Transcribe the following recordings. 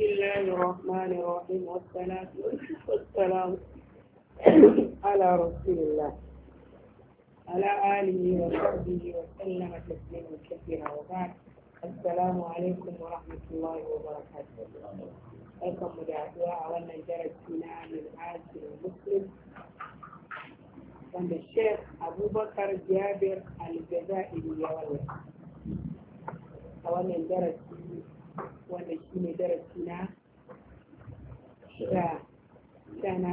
بسم الله الرحمن الرحيم والصلاة والسلام على رسول الله على آله وصحبه وسلم تسليما كثيرا وبعد السلام عليكم ورحمة الله وبركاته لكم مدعوة أولا درسنا من عاجل المسلم عند الشيخ أبو بكر جابر الجزائري يولي أولا درس wanda shi ne darasi na shida na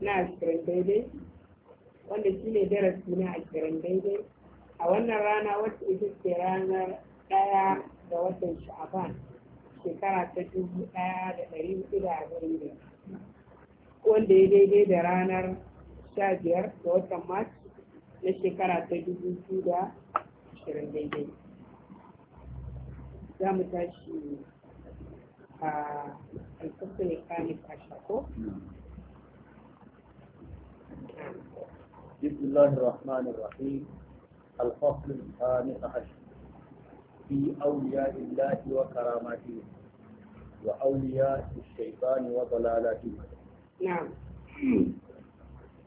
na ashirin daidai wanda shi ne darasi na ashirin daidai a wannan rana wata ita ce ranar ɗaya ga watan sha'aban shekara ta dubu ɗaya da ɗari hudu da arba'in da wanda ya daidai da ranar sha biyar ga watan mars na shekara ta dubu biyu da ashirin daidai zamu tashi a alƙasar ne kane kwashe بسم الله الرحمن الرحيم الفصل الخامس عشر في أولياء الله وكراماته وأولياء الشيطان وضلالاته نعم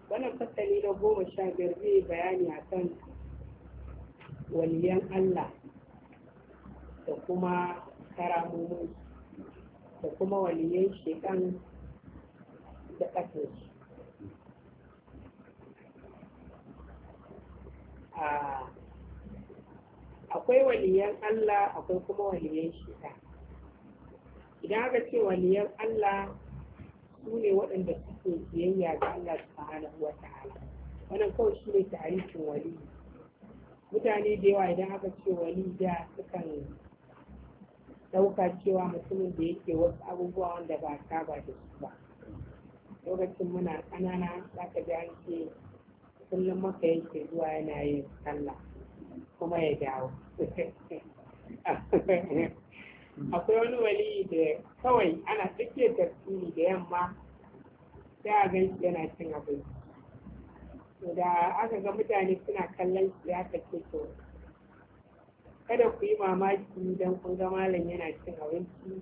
وانا قتلي لبوم الشاقر في بياني عسان وليان الله da kuma karamomi da kuma waliyan shekan da ƙasar akwai waliyan Allah akwai kuma waliyan shekan idan aka ce waliyan Allah su ne waɗanda suke biyayya ga Allah subhanahu wa ta'ala wannan kawai shi ne tarihin wali mutane da yawa idan aka ce wali da sukan ɗauka cewa mutumin da yake wasu abubuwa wanda ba saba da su ba lokacin muna ƙanana za ka ji an kullum maka yake zuwa yana yin sallah kuma ya dawo akwai wani wali da kawai ana tsakiyar tafsiri da yamma sai a gan yana cin abinci da aka ga mutane suna kallon shi ya ce to kada ku yi mamaki idan kun ga malam yana cin abinci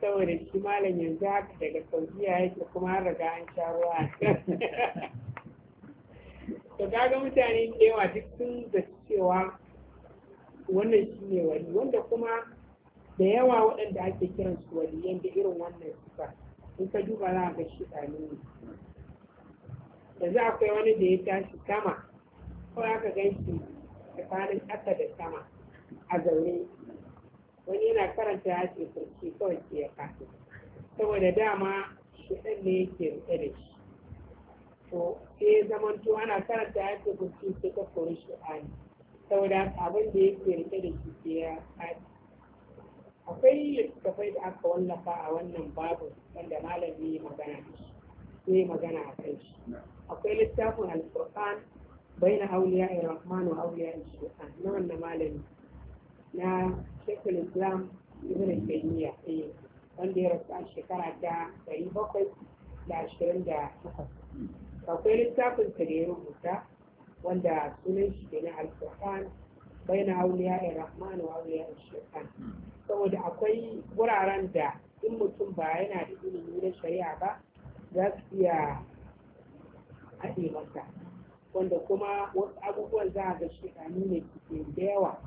saboda shi malam yanzu haka daga saudiya yake kuma har riga an sha ruwa to kaga mutane da yawa duk sun da cewa wannan shi ne wani wanda kuma da yawa waɗanda ake kiran su wani, yadda irin wannan sifa in ka duba za ga shi ɗani ne yanzu akwai wani da ya tashi sama ko aka gan shi tsakanin ƙasa da sama a zaune wani yana karanta ya ce sarki kawai ke ya kasu saboda dama shaɗan ne yake rike da shi to sai zamanto ana karanta ya ce sarki sai ka kori shaɗani saboda abin da yake rike da shi ke ya kasu akwai littattafai da aka wallafa a wannan babu wanda malami magana ne magana a kai shi akwai littafin alfurqan baina auliya rahman wa auliya shaytan na wannan malami na shekul islam ibn taymiya eh, wanda ya rasu a shekara ta ɗari bakwai da ashirin da takwas akwai littafin sa da ya rubuta wanda sunan shi ke na alfurkan bai na auliya ya rahman wa auliya ya shekar saboda akwai wuraren da in mutum ba yana da ilimi na shari'a ba za su iya haɗe masa wanda kuma wasu abubuwan za a ga shekaru ne da yawa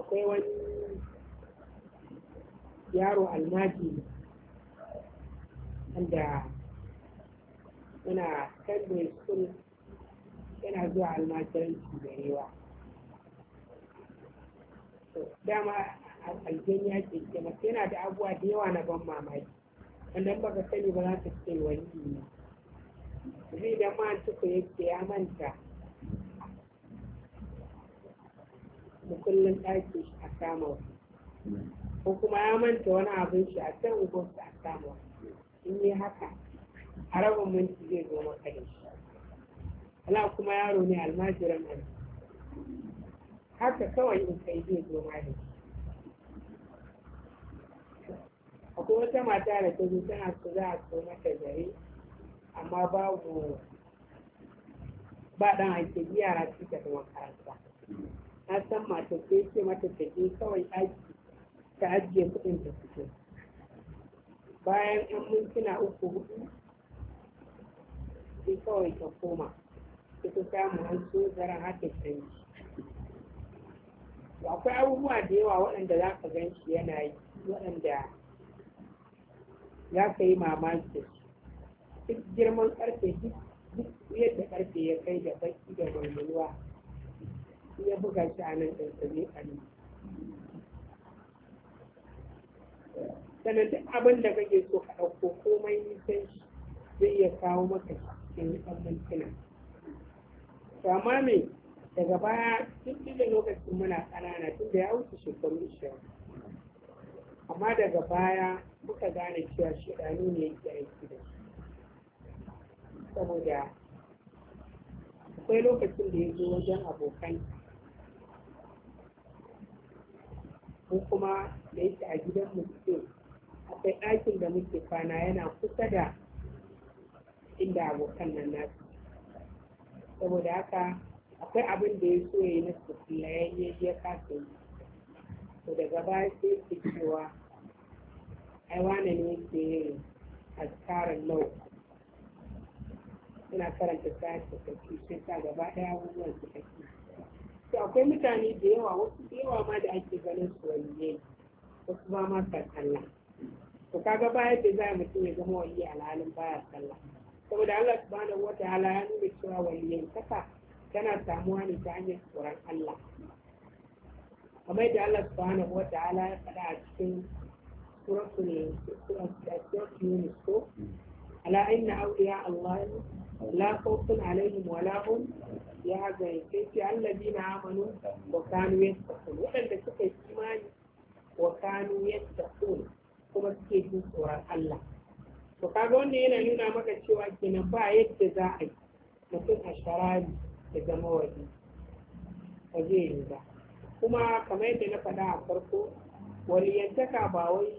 akwai wani yaro almaji wanda yana secondary sun yana zuwa almajiranci da yawa dama aljan ya ke masu yana da abuwa da yawa na ban mamaki wanda ka sani ba za ta ce wani ne zai da ma tuku ya manta mukullin ɗakin shi a kama ko kuma ya manta wani abin shi a can ugonsa a kama in yi haka a rabin minti zai zo maka da shi ala kuma yaro ne almajiran an haka kawai in kai zai zo ma da shi akwai wata mata da ta zo tana so za a so mata zare amma babu ba ɗan ake yara suka da makaranta na san mata ce ce mata ta je kawai aiki ta ajiye kuɗin ta fito bayan ɗan mintuna uku hudu sai kawai ta koma ita samu an so zara haka canji akwai abubuwa da yawa waɗanda za ka gan shi yana yi waɗanda za ka yi mamaki duk girman ƙarfe duk yadda ƙarfe ya kai da baki da mulmulwa ya buga shi a nan ɗansa ne ƙari sannan duk abin da kake so ka ɗauko komai nisan shi zai iya kawo maka cikin ɗan mintuna to amma me daga baya duk da lokacin muna ƙanana tun da ya wuce shekaru ishirin amma daga baya muka gane cewa shaɗanu ne yake aiki da saboda akwai lokacin da ya zo wajen abokan mu kuma da yake a gidanmu ce akwai ɗakin da muke kwana yana kusa da inda abokan nan nasu saboda haka akwai abin da ya so ya yi na sufila ya ya kasa yi to daga baya sai ke cewa ai wane ne yake yin lau suna karanta kayan tafafi sai sa gaba ɗaya abubuwan su tafi akwai mutane da yawa wasu da yawa ma da ake ganin su waliye wasu ba ma sa sallah to kaga bayan da za a mutum ya zama a alhalin baya sallah saboda Allah subhanahu wataala ya nuna cewa waliyan kasa tana samuwa ne ta hanyar tsoron Allah kamar da Allah subhanahu wataala ya faɗa a cikin suratul suratul Yunus ko hmm. ala inna awliya Allah لا خوف عليهم ولا هم يحزنون yahzanun الذين امنوا وكانوا يتقون wa kanu yattaqun wadanda suka yi imani wa kanu yattaqun kuma suke jin tsoron Allah yana nuna maka cewa kenan ba yadda za a yi mutum a sharari da zama waje ba zai yi ba kuma kamar yadda na faɗa a farko waliyantaka ba wai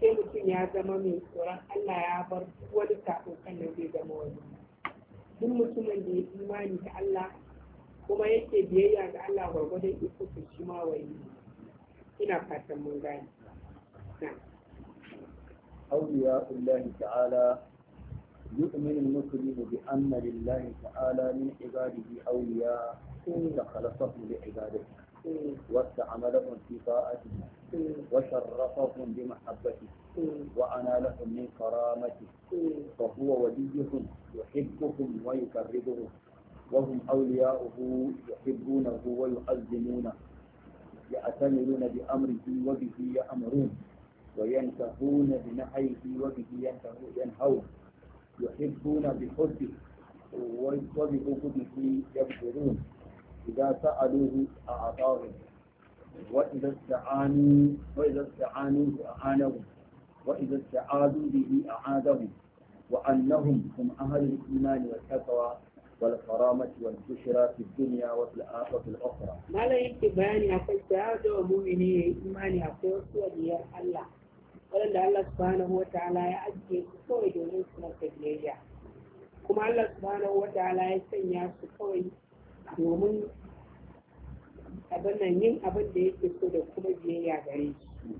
sai mutum ya zama mai tsoron Allah ya bar wani kafin kan zai zama wani duk mutumin da ya imani ta Allah kuma yake biyayya ga Allah gwargwadon iko su shi ma wani ina fatan mun gani awliya Allah ta'ala yu'minu al-muslimu bi anna lillahi ta'ala min ibadihi awliya inna hmm. khalaqahu li ibadihi واستعملهم في Wa'ana وشرفهم بمحبته وانالهم من كرامته فهو وليهم يحبهم ويكرههم وهم أولياؤه يحبونه ويعظمونه يأتمرون بأمره وبه يأمرون وينتهون بنهيه وبه ينهون يحبون بحبه وبحبه يكفرون إذا سألوه أعطاهم وإذا استعانوا وإذا استعانوه أعانهم وإذا استعاذوا به أعاذهم وأنهم هم أهل الإيمان والتقوى والكرامة والبشرى في الدنيا وفي الآخرة الأخرى. ما لا يمكن بياني أقول تعالى الله. Allah subhanahu wa ta'ala ya ajiye su kawai domin su masa biyayya kuma Allah subhanahu wa ta'ala ya sanya kawai domin yin abin da yake so da kuma biyayya gare shi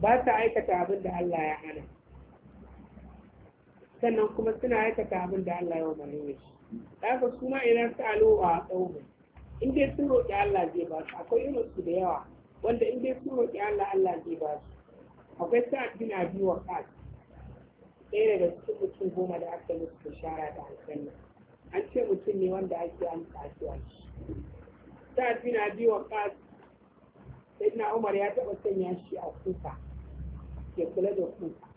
ba aikata abin da Allah ya hana sannan kuma suna aikata abin da Allah ya umarni da shi haka idan ta a tsawo in dai sun roƙi Allah zai ba su akwai irin su da yawa wanda in dai sun roƙi Allah Allah zai ba su akwai sa'ad bin wa waqas ɗaya daga cikin mutum goma da aka musu bishara da aljanna an ce mutum ne wanda ake amsa addu'a sa'ad wa abi sai na Umar ya taɓa sanya shi a kuka ya kula da kuka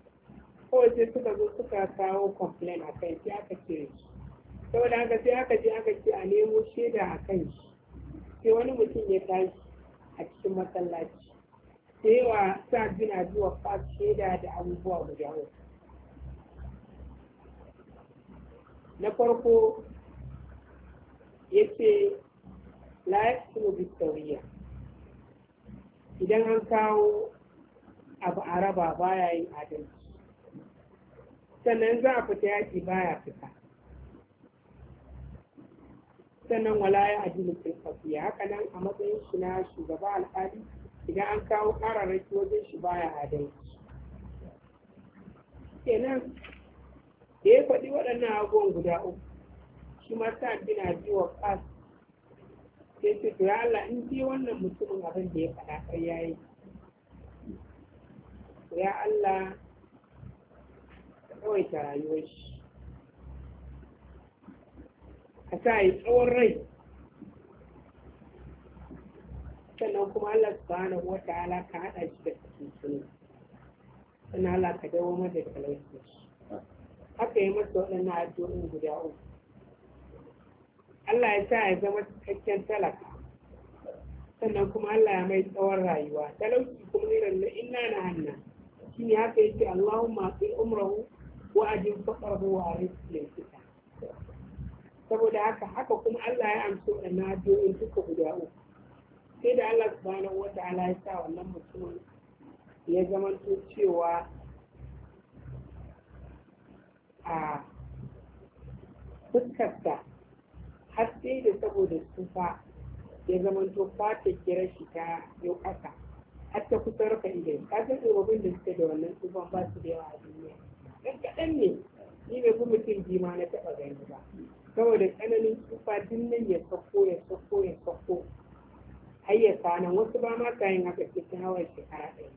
kawai sai suka zo suka kawo complain a kai sai aka cire shi saboda haka sai aka je aka ce a nemo shaida a kan shi sai wani mutum ya tashi a cikin masallaci sai wa sa bina zuwa fas shaida da abubuwa guda uku na farko ya ce la'aikatu bisauriya idan an kawo abu a raba baya yin adalci sannan za a fita yaƙi baya fita sannan wala ya adilu fil ya haka nan a matsayin shi na shugaba al'adi idan an kawo kararraki wajen shi baya adalci kenan da ya faɗi waɗannan abubuwan guda uku shi ma sa bina ji wa sai ce to ya Allah in ji wannan mutumin abin da ya faɗa kai yayi ya Allah tsawaita rayuwa shi a sa yi tsawon rai sannan kuma Allah subhanahu wa ta'ala ka hada shi da cikin sunna sannan Allah ka dawo mata shi. haka yi masa waɗannan addu'o'in guda uku Allah ya sa ya zama cikakken talaka sannan kuma Allah ya mai tsawon rayuwa talauci kuma irin na inna na hanna shi ne haka yake Allahumma fi umrahu wa'adin faɗarhu wa kusa saboda haka haka kuma Allah ya amsa wannan in duka guda uku sai da Allah subhanahu wata'ala ya sa wannan mutumin ya zama cewa a fuskarsa har sai da saboda tsufa ya to fata kira shi ta yi ƙasa har ta kusa rufe idan ka san da suke da wannan tsufan ba su da yawa a duniya ɗan kaɗan ne ni ne kuma mutum biyu ma na taɓa gani ba saboda tsananin tsufa din nan ya sako ya sako ya sako har ya sanan wasu ba ma kayan haka ke ta hawa shekara ɗaya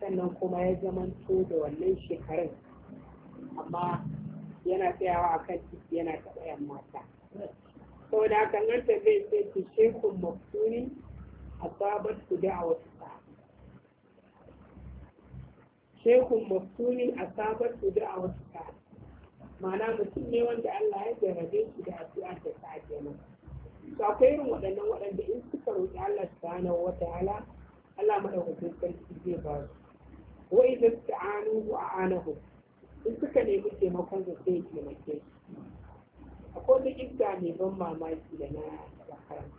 sannan kuma ya zamanto da wannan shekarun amma yana tsayawa a kan titi yana taɓa yan mata da haka nan ta zai ce ki shekun maftuni أصابته دعوة الصحابة شيخ مفتون أصابته دعوة mutum ne wanda Allah ya jarabe shi da addu'a da ta ake masa to akwai irin waɗannan waɗanda in suka roƙi Allah subhanahu wataala Allah madaukakin sarki zai ba su wa idza ta'anuhu a'anahu in suka nemi taimakon sa sai ya taimake akwai wata ibda mai ban mamaki da na karanta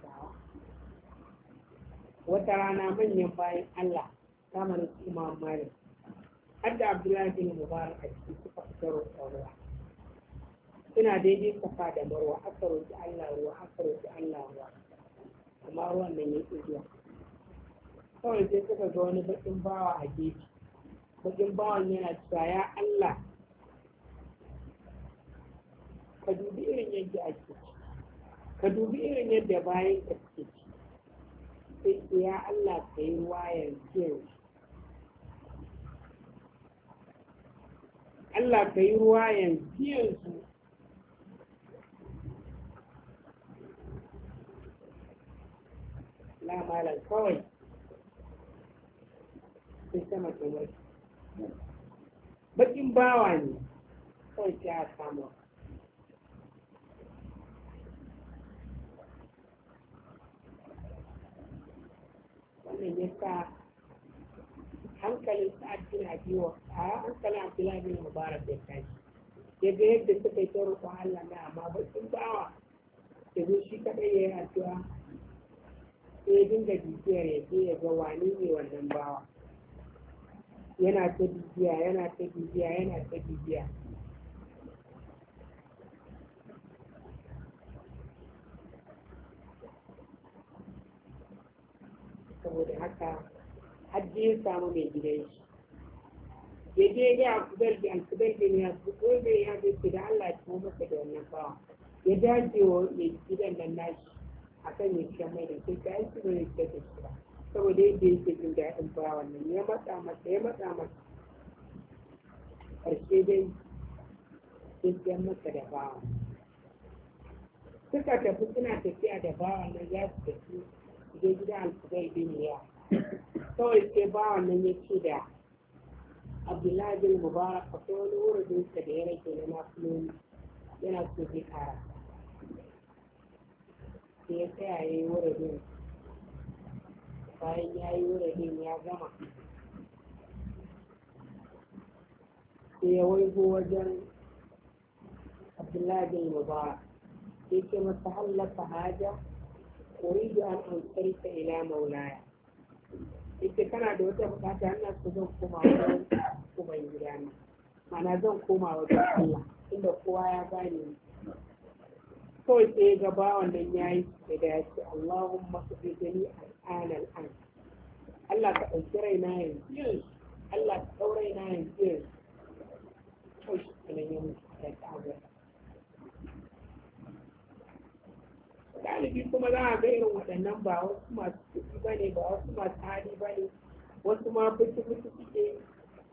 wata rana manyan bayan Allah kamar Imam Malik hadda Abdullahi bin Mubarak a suka fita roƙon ruwa suna daidai safa da marwa aka roƙi Allah ruwa aka roƙi Allah ruwa amma ruwan nan ya ƙi zuwa kawai sai suka ga wani baƙin bawa a gefe baƙin bawan yana cewa ya Allah ka dubi irin yadda ake ka dubi irin yadda bayan ka suke sai ya Allah ka yi wayar kyau Allah ka yi wayan yanzu la malam kawai sai sama kamar bakin bawa ne kawai ta samu. wannan ya sa hankalin sa'ad bin abi a hankalin abdullahi bin mubarak da tashi ya ga yadda suka yi tsoron roƙon Allah na amma ba sun bawa da zo shi kaɗai ya yi addu'a sai ya dinga bibiyar ya je ya ga wani ne wannan bawa yana ta bibiya yana ta bibiya yana ta bibiya saboda haka hajji ya samu mai gida ya shi ya je ga alkubar da alkubar da ya su ko da ya zai ce da Allah ya kuma masa da wannan bawa ya dace wa mai gidan nan nashi a kan ya ce mai da sai ta yi su ne da ta kira saboda yadda yake jin daɗin bawan nan ya matsa masa ya matsa masa ƙarshe dai ya ce masa da bawa suka tafi suna tafiya da bawan nan za su tafi gidan alfudai ya kawai sai bawan nan ya ce da abdullahi bin mubarak a kai wani wurin da ya rage na nafiloli yana so zai kara sai ya tsaya ya yi wurin bayan ya yi wurin ya gama sai ya waigo wajen abdullahi bin mubarak sai ce masa hallaka haja uridu an ansarta ila maulaya ita kana da wata bukata ina so zan koma wajen ubangida na mana zan koma wajen Allah inda kowa ya gane kawai sai ga bawan nan yayi da dace Allahumma subhani al'an al'an Allah ka ɗauki raina yanzu Allah ka ɗau raina yanzu yanzu shi ya mutu da ta'azara galibi kuma za a ga irin waɗannan ba wasu masu kuɗi ba ne ba wasu masu hali ba ne wasu ma fushi fushi suke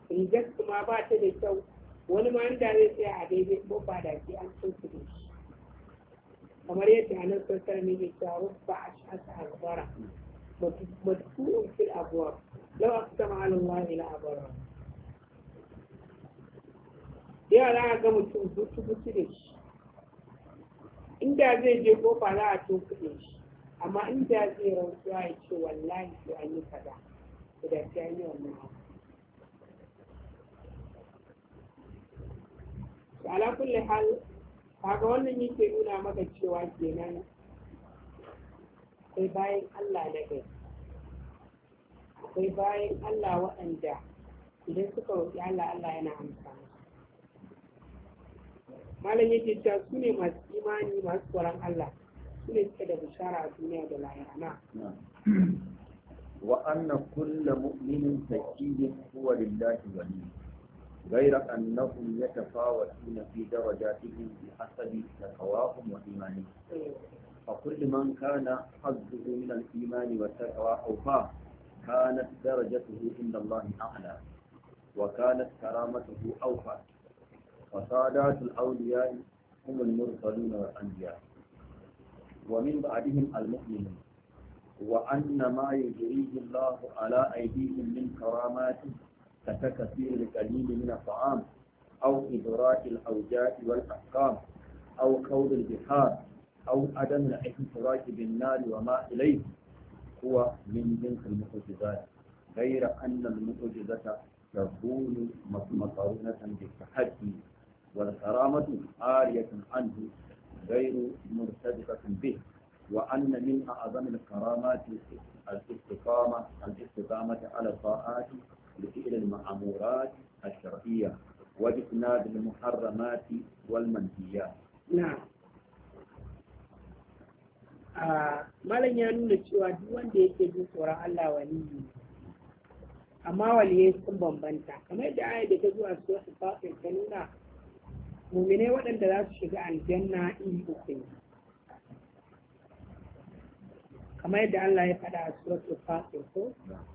rigar su ma ba ta da kyau wani ma inda zai tsaya a daidai ko ba da ke an cin su da shi kamar yadda a nan sosai ne mai cewa ba a shasa albara matu'un fil abuwa lau a kusa ma'alin wani na abuwa Yau za a ga mutum fushi fushi da shi inda zai je kofa za a tunkuɗe shi amma inda zai rantsuwa ya ce wallahi sai an yi kaza to da sai an yi wannan abu to ala kulli hal kaga wannan yake nuna maka cewa kenan akwai bayan Allah na gari akwai bayan Allah waɗanda idan suka roƙi Allah Allah yana amfani malam yake cewa su ne masu imani masu tsoron Allah su ne suke da bishara a duniya da lahirana. wa anna kulla mu'minin takiyin kuwa lillahi wani, wa ni ghayra annahum yatafawatuna fi darajatihim bi hasabi taqawahum wa imani fa kullu man kana hadduhu min al-iman wa taqwa aw fa darajar darajatuhu inda Allah a'la wa kanat karamatuhu awfa فسادات الأولياء هم المرسلون والأنبياء ومن بعدهم المؤمنون وأن ما يجريه الله على أيديهم من كرامات كتكثير القليل من الطعام أو إدراء الأوجاع والأحكام أو كود البحار أو عدم الاحتراك بالنار وما إليه هو من جنس المعجزات غير أن المعجزة تكون مقرونة بالتحدي والكرامة عارية عنه غير مرتبطة به وأن من أعظم الكرامات الاستقامة الاستقامة على الطاعات لفعل المأمورات الشرعية واجتناب المحرمات والمنهيات. نعم. malam ya nuna cewa duk wanda yake jin tsoron Allah waliyi amma waliyai sun bambanta kamar da aya da ta zuwa su wasu ta nuna mumine waɗanda za su shiga aljanna in uku ne kamar yadda Allah ya faɗa a suratul fatir ko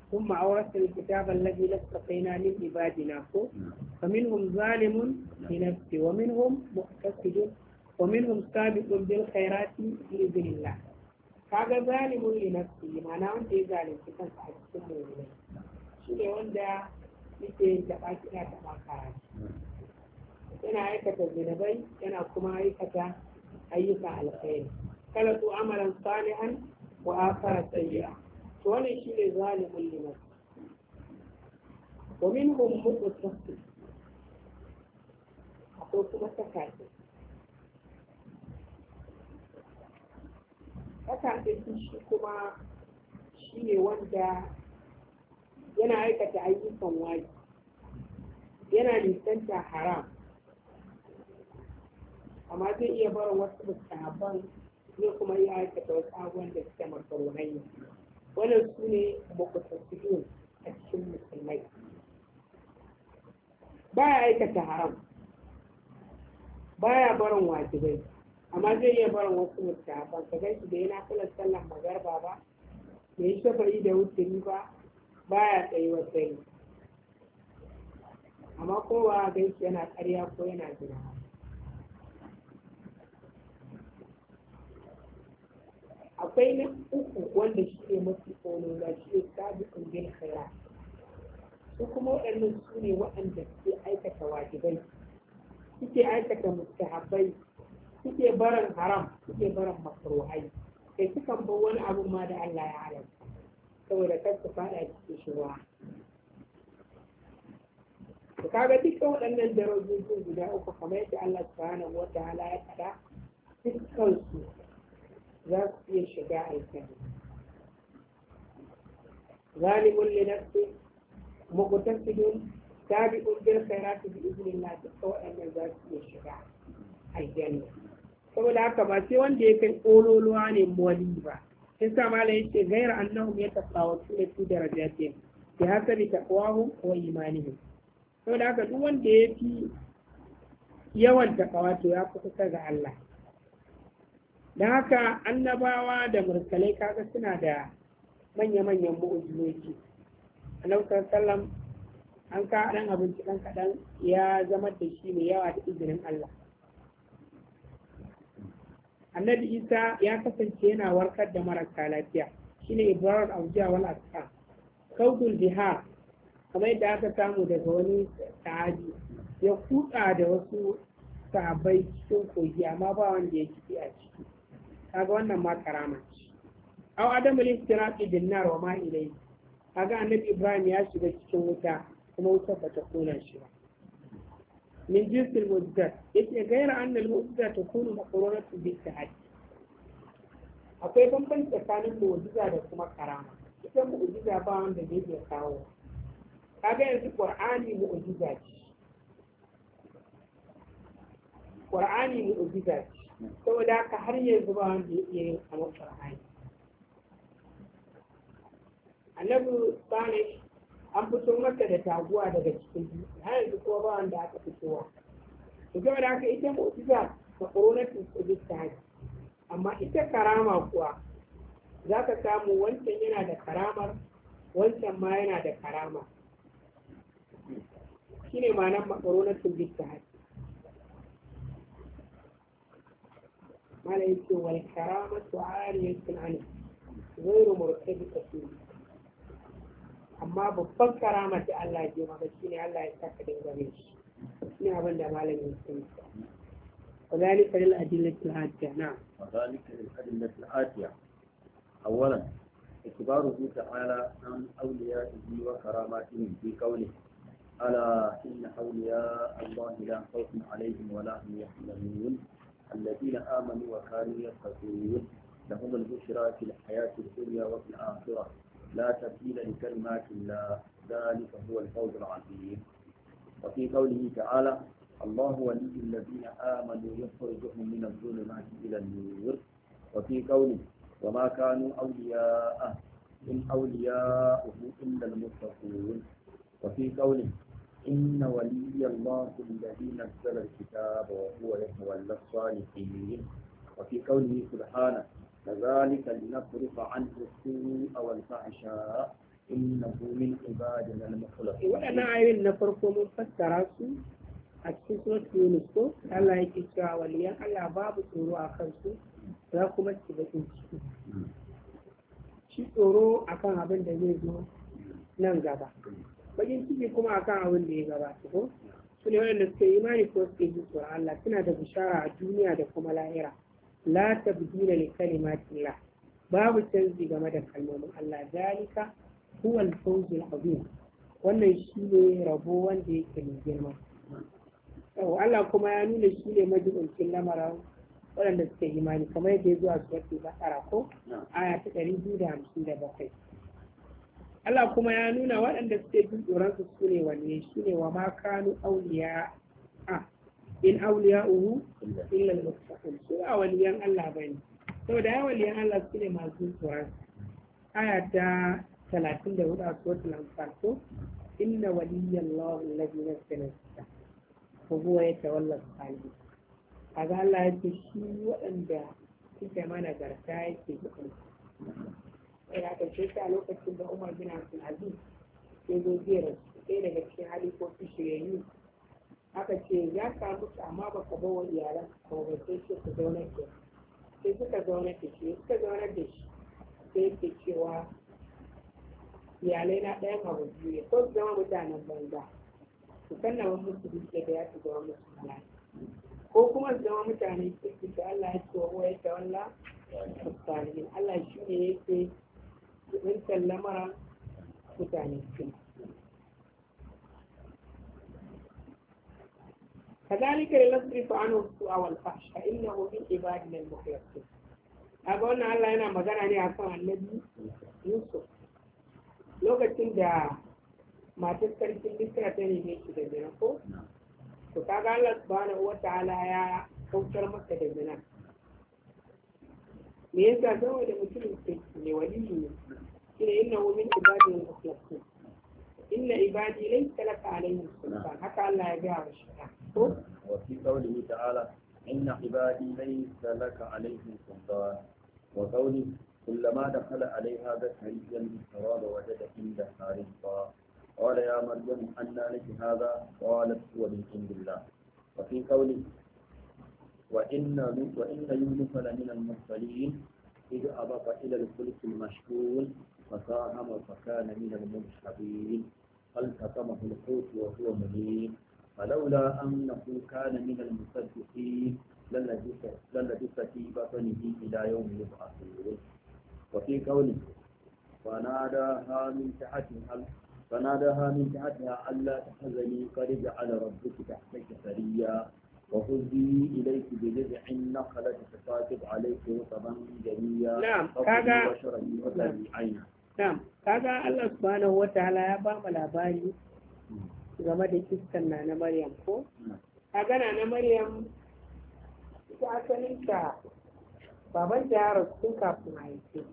kun ma'aurata da kitabar lafi na suka kai na nin ibadina ko wa min hum zalimun ni nafsi wa min hum muktasidun wa min hum sabiqun bil khairati bi idhnillah kaga zalimun ni nafsi mana wanda ya zalunci kansa a cikin mu ne shi ne wanda yake da baki da ba karatu yana aikata zinabai yana kuma aikata ayyuka alkhairi kala tu amalan salihan wa akara sayyi'a to wannan shine zalimin liman wa minhum mutasaffi to kuma takasi shi kuma shine wanda yana aikata ayyukan wajibi yana nisanta haram amma zai iya barin wasu mustahabban zai kuma iya aikata wasu abubuwan da suke makaronai wannan su ne makusantu a cikin musulmai baya aikata haram baya barin wajibai amma zai iya barin wasu mustahabban ka gan shi da yana kula sallar magarba ba da yi shafa'i da wuturi ba baya tsayi dare amma kowa gan shi yana karya ko yana zina akwai na uku wanda shi ne mafi ƙonona shi ne sabiƙin bin khaira su kuma waɗannan su ne waɗanda suke aikata wajibai suke aikata mustahabbai suke barin haram suke barin makruhai kai sukan bar wani abu ma da Allah ya halarta saboda kar su faɗa cikin shiwa to kaga dukkan waɗannan darajojin guda uku kamar yadda Allah subhanahu wataala ya faɗa dukkan su za su iya shiga aikata zalimun li nafsi muqtasidun tabi'un bil khairati bi idnillah duka waɗannan za su iya shiga aljanna saboda haka ba sai wanda ya kai ƙololuwa ne mawali ba sai sa mala yace ghayra annahum yatafawatu da fi darajatin bi hasabi ko wa imanihim saboda haka duk wanda ya fi yawan taɓawa to ya fi kusa ga Allah da haka annabawa da murkalai kaga suna da manya-manyan mu'ujizoji lautar sallam an ka dan abinci dan kaɗan ya zama da shi mai yawa da izinin Allah annabi isa ya kasance yana warkar da marasa lafiya shine ibrahim auja wal asqa kaudul bihar kamar yadda aka samu daga wani sahabi ya kuɗa da wasu sahabbai cikin kogi amma ba wanda ya ciki a ciki kaga wannan ma karama aw adamul istirafi bin nar wa ma ilayhi kaga annabi ibrahim ya shiga cikin wuta kuma wuta ba ta kona shi ba min jinsil muddat yace gaira anna al muddat takunu maqrunatan bi tahad akwai bambanci tsakanin mu'jiza da kuma karama ita mu'jiza ba wanda zai iya kawo kaga yanzu qur'ani mu'jiza ce qur'ani mu'jiza ce saboda haka har yanzu ba wanda ya iya yin kamar qur'ani annabi spanish an fito mata da taguwa daga cikin dutse har yanzu kuma ba wanda aka fitowa to kuma da haka ita mu'jiza ta ƙoronatin ta hajji amma ita karama kuwa za ka samu wancan yana da karamar wancan ma yana da karama shine ma nan maƙoronatin ta hajji mala yake wal karamatu ariyatun an ghairu murtabiqatin amma babban karama ta Allah ke maka shine Allah ya saka dangane shi ne abin da malami ya sani وذلك للأدلة الآتية نعم وذلك للأدلة الآتية أولا إخباره تعالى عن أوليائه وكراماته في قوله ألا إن أولياء الله لا خوف عليهم ولا هم يحزنون الذين آمنوا وكانوا يتقون لهم البشرى في الحياة الدنيا وفي الآخرة لا تبديل لكلمات الله ذلك هو الفوز العظيم وفي قوله تعالى الله ولي الذين آمنوا يخرجهم من الظلمات إلى النور وفي قوله وما كانوا أولياءه إن أولياءه إلا المتقون وفي قوله إن ولي الله الذي نزل الكتاب وهو يتولى الصالحين وفي قوله سبحانه كذلك لنصرف عنه السوء والفحشاء إنه من عبادنا المخلصين. وأنا أعلم نفركم فسر فتراته cikin surat ألا ko وليا ألا باب waliyan Allah babu tsoro a kansu za kuma su bakin ciki. Shi tsoro akan abin da zai zo nan gaba. bakin ciki kuma akan abin da ya gabata ko su ne waɗanda suka yi imani ko suka yi Allah suna da bishara a duniya da kuma lahira la tabdila li Allah babu canji game da kalmomin Allah zalika huwa al-fawzul azim wannan shine rabo wanda yake da girma yau Allah kuma ya nuna shi ne majibincin waɗanda suka yi imani kamar yadda ya zuwa su wata ko aya ta ɗari biyu da hamsin da bakwai Allah kuma ya nuna waɗanda suke jin tsoronsa su ne wanne shi ne wa ma kanu auliya a in auliya uhu illa al-muttaqin su ba waliyan Allah bane saboda ya waliyan Allah su ne masu tsoron aya ta 34 a suratul anfal ko inna waliyallahu alladhi nazzala kitab fa huwa yatawalla A kaga Allah ya ce shi waɗanda suke mana garta yake dukansu sai haka ce ta lokacin da Umar bin Abdul ya zo zai rasu sai daga cikin halifofi shiryayyu aka ce ya samu su amma ba ka bawa iyalan ka ba sai ce ku zaunar da sai suka zaunar da shi suka zaunar da shi sai yake cewa iyalai na ɗayan abu biyu ne ko su zama mutanen banza su sallama musu duk da ya su zama musu halali ko kuma su zama mutane kirki da Allah ya ce wa ya tawalla Allah shi ne yake kuɗin lamara mutane suna كذلك لنصرف a السوء والفحش فإنه من عبادنا المخلصين wannan Allah yana magana ne akan annabi Yusuf lokacin da matar sarkin Misra ta neme shi da zina ko to kaga Allah subhanahu wataala ya kautar masa da zina me yasa saboda mutumin kirki ne waliyu ne shine innahu min ibadihi al-mukhlasin inna ibadi laysa laka alaihim sultan haka Allah ya gaya wa shaitan ko wa fi qawlihi ta'ala inna ibadi laysa laka alaihim sultan wa qawli كلما دخل عليها زكريا بالتراب وجد عندها رزقا قال يا مريم أنى لك هذا قالت هو من عند الله وفي قوله وإن وإن يونس لمن المرسلين إذ أبق إلى الفلك المشكول فساهم فكان من المنحبين فالتقمه الحوت وهو مليم فلولا أنه كان من المصدقين للبث في بطنه إلى يوم يبعثون وفي قوله فناداها من تحتها فناداها من تحتها ألا تحزني قد جعل ربك تحتك سريا وخذي إليك بجذع النخلة تساقط عليك رطبا جنيا نعم كذا وشربي نعم الله سبحانه وتعالى A gana na Maryam ta yaro haife.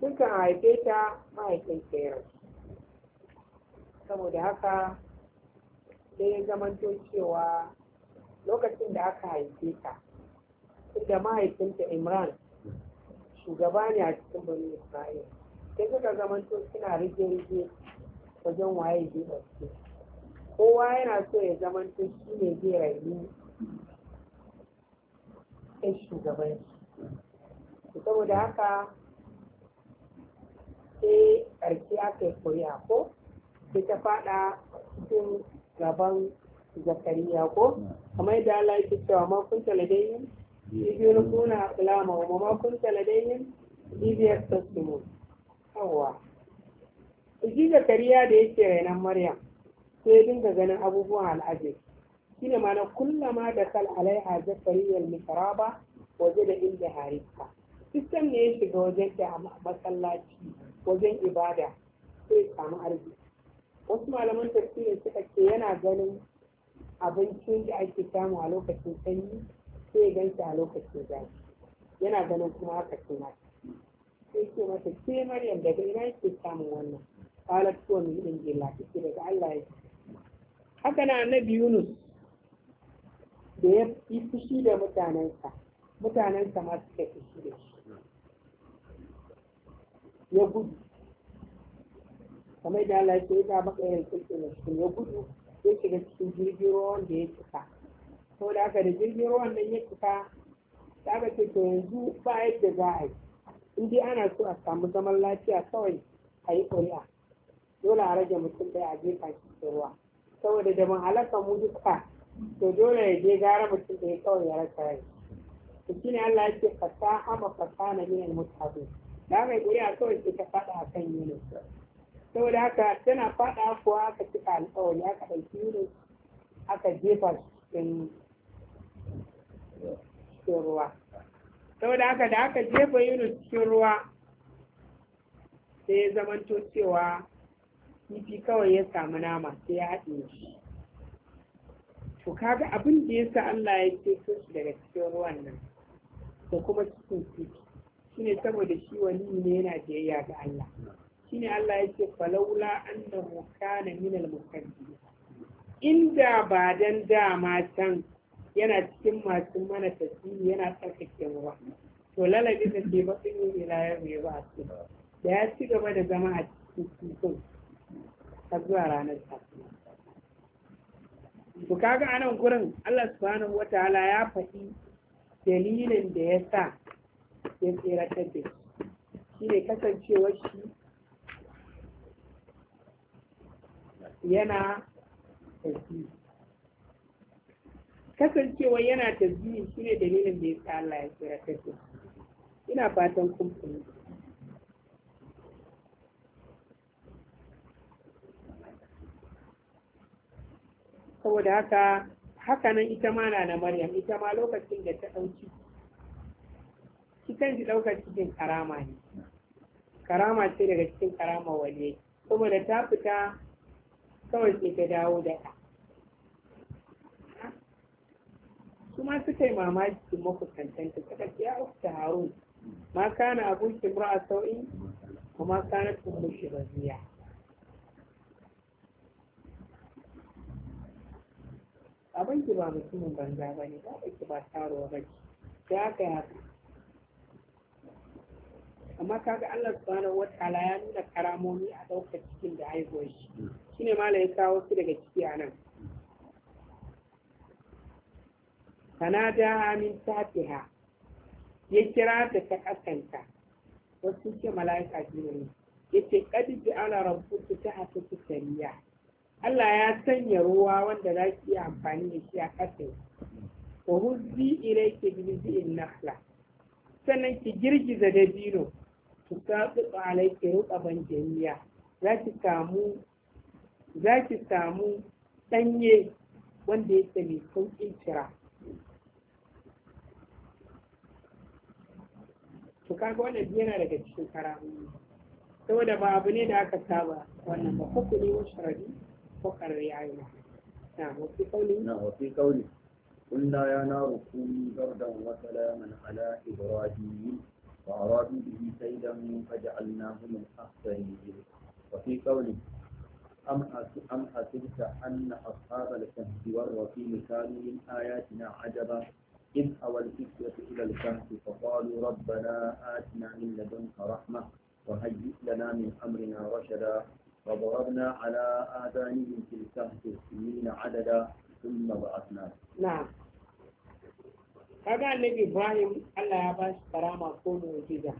kan haife ta mahaifin ta Saboda haka sai ya zamanto cewa lokacin da aka haife ta da mahaifinta imran shugaba ne a cikin birnin isra'ila sai suka zamanto suna rige-rige wajen waye zai ɗauke kowa yana so ya zamanto shi ne zai rayu ta shugabanci saboda haka sai ƙarshe aka yi koya ko sai ta faɗa cikin gaban zakariya ko kamar yadda Allah yake cewa ma kun taladayyin bibiyar kuna aklama wa ma kun taladayyin bibiyar tasdimu yawa shi zakariya da yake rainan maryam sai dinga ganin abubuwan al'ajabi shine ma na kullama da kal alaiha zakariya al-mikraba waje da inda harika sistem ne ya shiga wajen da masallaci wajen ibada sai samu arziki wasu malaman tafsiri suka ce yana ganin abincin da ake samu a lokacin sanyi sai ya ganta a lokacin zafi yana ganin kuma haka ce mata sai ce mata ke maryam daga ina yake samun wannan qalat huwa min indillah take daga Allah ya haka na annabi Yunus da ya yi fushi da mutanensa mutanensa ma suka fushi da shi ya gudu kamar da Allah ya ce ya baka yin kulkin shi ya gudu ya shiga cikin jirgin ruwan da ya cika to da aka da jirgin ruwan nan ya cika da aka ce to yanzu ba yadda za a yi in ana so a samu zaman lafiya kawai a yi ƙuri'a dole a rage mutum ɗaya a jefa shi ruwa saboda da ban halaka mu duka to dole ya je gara mutum ɗaya kawai ya rasa rai to ne Allah ya ce fasaha ma fasana na yin mutane da aka yi ƙuri'a kawai sai ta faɗa yi ne saboda haka tana faɗa kuwa aka ci alƙawari aka ɗauki ne aka jefa cikin ruwa saboda haka da aka jefa yunus cikin ruwa sai ya zamanto cewa kifi kawai ya samu nama sai ya haɗe shi to kaga abin da ya sa Allah ya ceto shi daga cikin ruwan nan da kuma cikin kifi shine saboda shi wani ne yana biyayya ga Allah shine Allah yake falawla annahu kana min al-mukaddibin inda ba dan dama can yana cikin masu mana tasiri yana tsarkake ruwa to lalabi ke ce ne yin ya mai ba a da ya ci gaba da zama a cikin cikin a zuwa ranar ta to kaga anan gurin Allah subhanahu wataala ya faɗi dalilin da ya sa ya tseratar ta shi ne kasancewar shi yana tasbihi kasancewa yana tasbihi shine dalilin da yasa Allah ya kira tasbihi ina fatan kun fahimta saboda haka hakanan ita ma na na Maryam ita ma lokacin da ta ɗauki cikin ji ɗaukar cikin karama ne karama ce daga cikin karama waliye saboda ta fita kawai sai ta dawo da ɗa kuma suka yi mamaki su makusantanta ta ɗauki ya ta haru ma kana kimra a sau'i kuma kana tumbu shi raziya abin ki ba mutumin banza ba ne ba ki ba taro ba ne da haka ya amma kaga Allah subhanahu wata ya nuna karamomi a ɗaukar cikin da haihuwar shi shi ne mala ya kawo su daga ciki a nan da amin tafiha ya kira ta ta kasanta wasu ce mala'ika biyu ne ya ce kadiji ana rabu ta hasu su sariya Allah ya sanya ruwa wanda za ki yi amfani da shi a ƙasar wa huzzi ke bi in nakhla sannan ki girgiza dabino ki tsatsu alayki ban jami'a. za ki samu za ki samu ɗanye wanda ya mai sauƙin kira to kaga wannan yana daga cikin karamu saboda ba abu ne da aka saba wannan ba hukun ne wasu rabi ko karari ayi ba na wasu kauli na wasu kauli kunna ya na rukuni gardan wata laman ala ibrahimi wa arabi bihi saidan fa ja'alnahu min ahsani wasu yi qawli أم أم حسبت أن أصحاب الكهف والرقيم كانوا من آياتنا عجبا إذ أوى الفتية إلى الكهف فقالوا ربنا آتنا من لدنك رحمة وهيئ لنا من أمرنا رشدا فضربنا على آذانهم في الكهف سنين عددا ثم بعثنا نعم. هذا النبي إبراهيم الله باشا كرامة كونه وجيزة.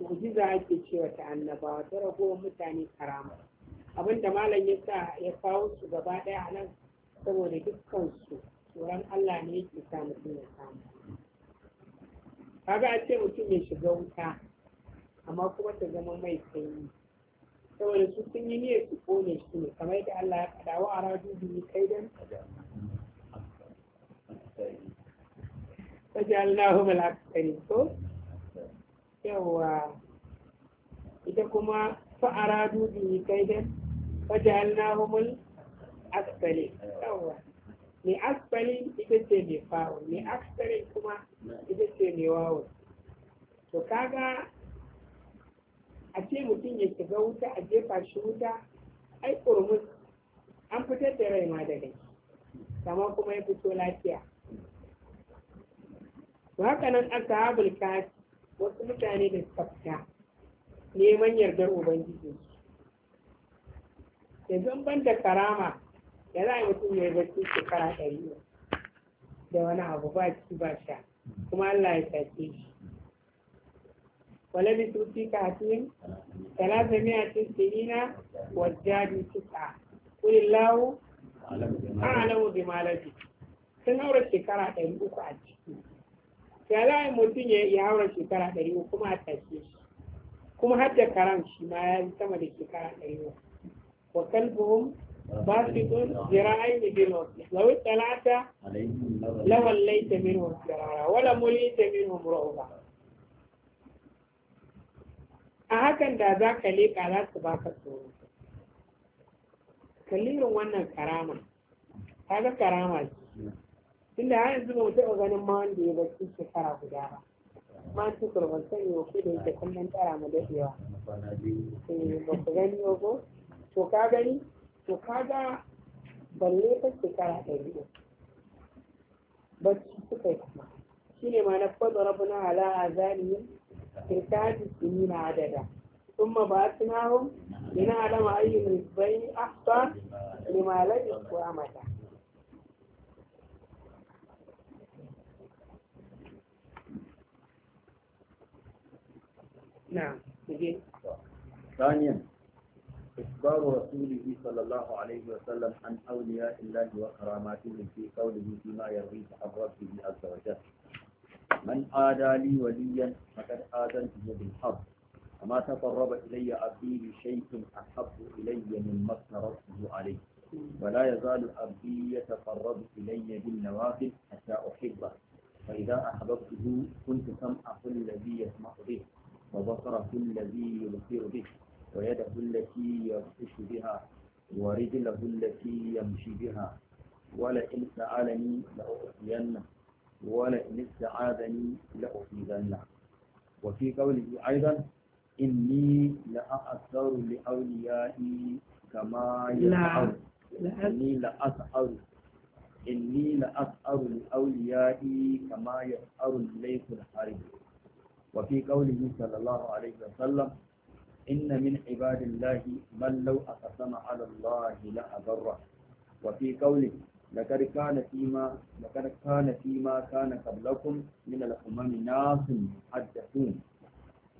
mu'jiza ake cewa ta annabawa ta ragowar mutane karama abinda malam ya sa ya kawo su gaba ɗaya a nan saboda dukkan su tsoron Allah ne yake sa mutum ya samu kaga a ce mutum ya shiga wuta amma kuma ta zama mai sanyi saboda su sun yi niyyar su kone shi ne kamar yadda Allah ya faɗa wa aradu bi kaidan fajalnahu mal aksari ko yawa ita kuma fa'aradu bihi kaidan fajalna humul asfali yawa mai asfali ita ce mai fa'o mai asfali kuma ita ce mai wawo to kaga a ce mutum ya shiga wuta a jefa shi wuta ai ƙurmus an fitar da rai ma daga shi kama kuma ya fito lafiya to haka nan ashabul kafi wasu mutane da tsakka neman yardar ubangiji yanzu ban da karama da za a yi mutum ya barci shekara ɗari da wani abu ba ci ba sha kuma Allah ya sace shi wala bi tuti ka hatin talata mi'atin sinina wa jadi lawo a a'lamu bi malabi sun haura shekara ɗari uku a ciki ya za mutum ya yi haura shekara ɗari kuma a tashe shi kuma har da karam shi ma ya yi sama da shekara ɗari wa kalbuhum jira zira'ai ne bin wasu lawi talata lawan laita min wasu zirara wala ta min wasu a hakan da za ka leƙa za su ba ka tsoro kalirin wannan karama ga karama ce tunda har yanzu ba mu taɓa ganin ma wanda ya bacci shekara guda ba ma tukur ban sani ba ko da yake kullum tara mu daɗewa eh ba ku gani ba ko to ka gani to ka ga balle ta shekara ɗari ɗin bacci suka yi kuma ne ma na fadar rabu na ala a ji su yi na adada ثم ayyukan لنعلم أي ne ma lalata ko amata نعم ثانيا إخبار رسوله صلى الله عليه وسلم عن أولياء الله وكراماتهم في قوله فيما يرضي عن ربه عز وجل من آدى لي وليا فقد آذنته بالحرب وما تقرب إلي عبدي بشيء أحب إلي مما افترضته عليه ولا يزال عبدي يتقرب إلي بالنوافل حتى أحبه فإذا أحببته كنت سمعه الذي يسمع به وبصره الذي يبصر به ويده التي يبطش بها ورجله التي يمشي بها ولئن سألني لأعطينه ولئن استعاذني لأعيذنه وفي قوله أيضا إني لأأثر لأوليائي كما يسعر إني لأسعر إني لأسعر لأوليائي كما يسعر الليث الحارث وفي قوله صلى الله عليه وسلم إن من عباد الله من لو أقسم على الله لأبره وفي قوله لقد كان فيما لقد كان فيما كان قبلكم من الأمم ناس يحدثون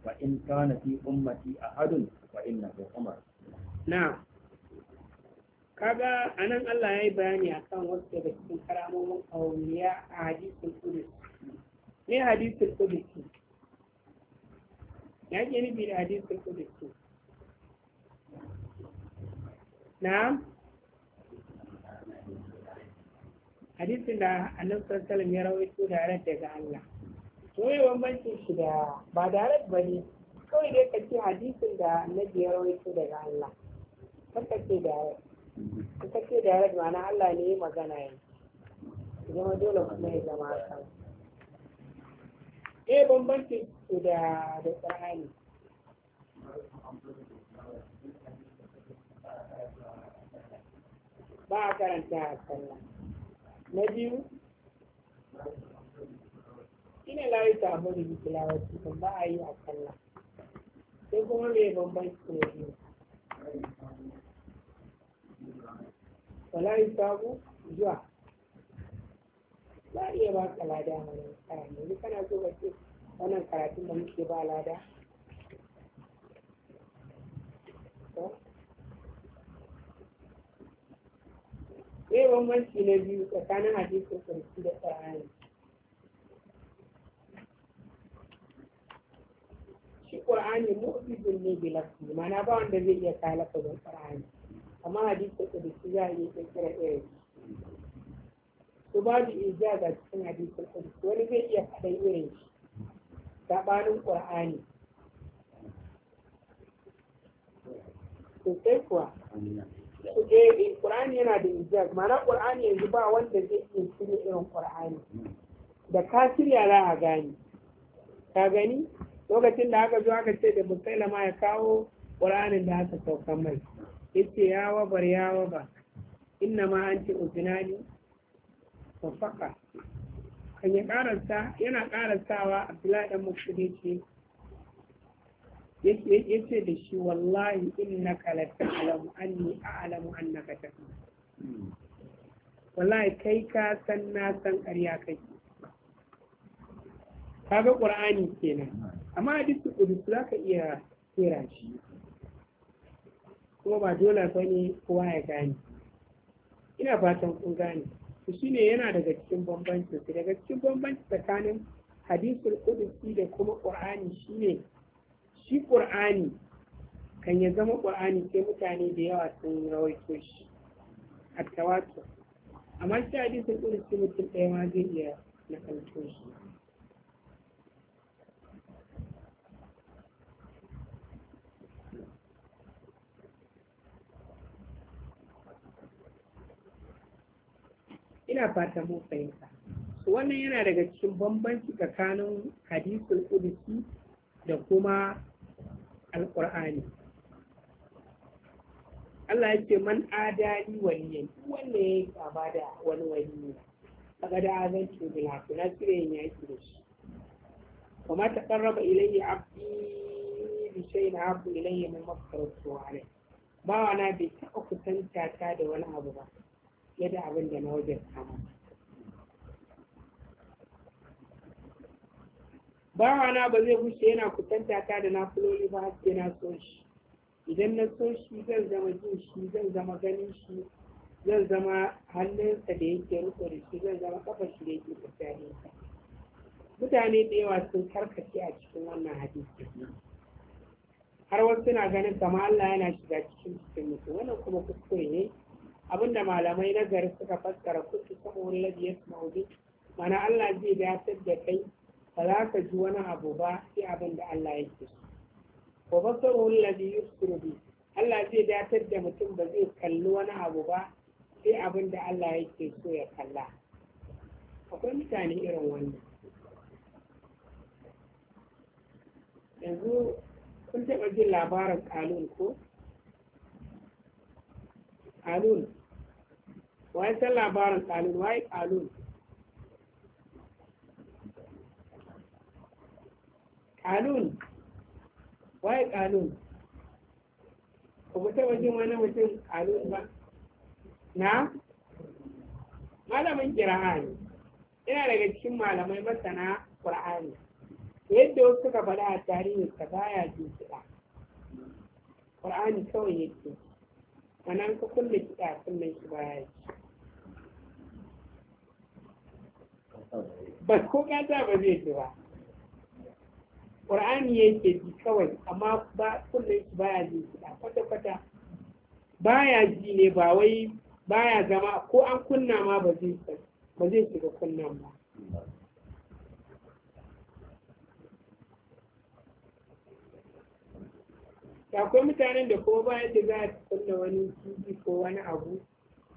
وإن كان في أمتي أحد فإنه عمر نعم kaga anan Allah ya yi bayani akan wasu daga cikin karamomin auliya a hadisin kudus ne hadisin kudus ya ke nufi da hadisul qudsi Na hadisin da annabtar-salim ya rawaito da daga Allah to yi bambancin shi da ba da ba ne kawai dai ka ce hadisin da annabi ya rawaito daga Allah kanka ce da kanka ce da rat ma'ana Allah ne magana ya zama dole kuma ya zama haka eh bambancin da da tsanani ba a karanta a sallah na biyu shine layi ta abu da bikilawarci kan ba a yi a sallah sai kuma mai bambanci da biyu wala yi sabu zuwa a iya ba ka lada kana so wannan karatun da muke ba lada Me bambanci na biyu tsakanin hadisin sarki da ƙarani shi ƙur'ani mu'jizun ne bi lafi mana ba wanda zai iya kala kazan ƙur'ani amma hadisin sarki za a iya kirkira irin su babu ija ga cikin hadisin sarki wani zai iya faɗan irin shi saɓanin ƙur'ani sosai kuwa eh, eh, ƙwar'ani yana da ijaz mana ƙur'ani yanzu ba wanda zai iya shirya irin ƙur'ani da ka shirya za a gani ka gani lokacin da aka zo aka ce da musailama ya kawo ƙur'anin da aka sauka mai yace ya wabar ya wabar inna ma an ce uzinani faka. kan ya karanta yana karantawa abdullahi dan mashhud yake yake ce da shi wallahi inna, la ta'lamu anni a'lamu annaka ta'lamu wallahi kai ka san na san ƙarya kai kaga qur'ani kenan amma hadisi za ka iya kera shi kuma ba dole ne kowa ya gane ina fatan kun gane to shine yana daga cikin bambanci su daga cikin bambanci tsakanin hadisul qudusi da kuma qur'ani shine shi qur'ani kan ya zama qur'ani sai mutane da yawa sun rawaito shi a tawatu amma shi hadisul qudusi mutum ɗaya ma zai iya nakalto shi ina fata mun fahimta wannan yana daga cikin bambanci tsakanin hadisul qudsi da kuma alqur'ani Allah yake man adali waliyan Wannan ya kama da wani ne. daga da azanci bil haqq na cire yin yaki da shi kuma ta qarraba ilayya abdi bi shay'in abu ilayya min mafkaratu ba bawana bai taɓa kusanta ta da wani abu ba fiye da abin da na wajen Ba bawana ba zai bushe yana kusanta ta da na fuloli ba haske na so shi idan na so shi zan zama jin shi zan zama ganin shi zan zama hannunsa da yake riko da shi zan zama kafar shi da yake kusurare shi mutane da yawa sun karkace a cikin wannan hadisi har wasu na ganin kama Allah yana shiga cikin cikin mutum wannan kuma kuskure ne abinda malamai na gari suka fassara kuntu saboda ladhi yasma'u bi mana Allah zai datar da kai ba za ka ji wani abu ba sai abin da Allah yake so wa basaru alladhi yusiru bi Allah zai datar da mutum ba zai kalli wani abu ba sai abin da Allah yake so ya kalla akwai mutane irin wannan yanzu kun taɓa jin labarin kalun ko kalun wai san labarin kalun wai kalun kalun wai kalun ku mu jin wani mutum kalun ba na malamin kira'ani Ina daga cikin malamai masana ƙur'ani yadda wasu suka faɗa a tarihin ka baya jin kiɗa ƙur'ani kawai yake sannan ka kulle kiɗa kullum shi baya ji ba ko ta ba zai ji ba ƙur'ani yake ji kawai amma ba kullum shi baya ji kiɗa kwata-kwata baya ji ne ba wai baya zama ko an kunna ma ba zai ba zai shiga kunnan ba akwai mutanen da kuma bayan da za a kunna wani jiji ko wani abu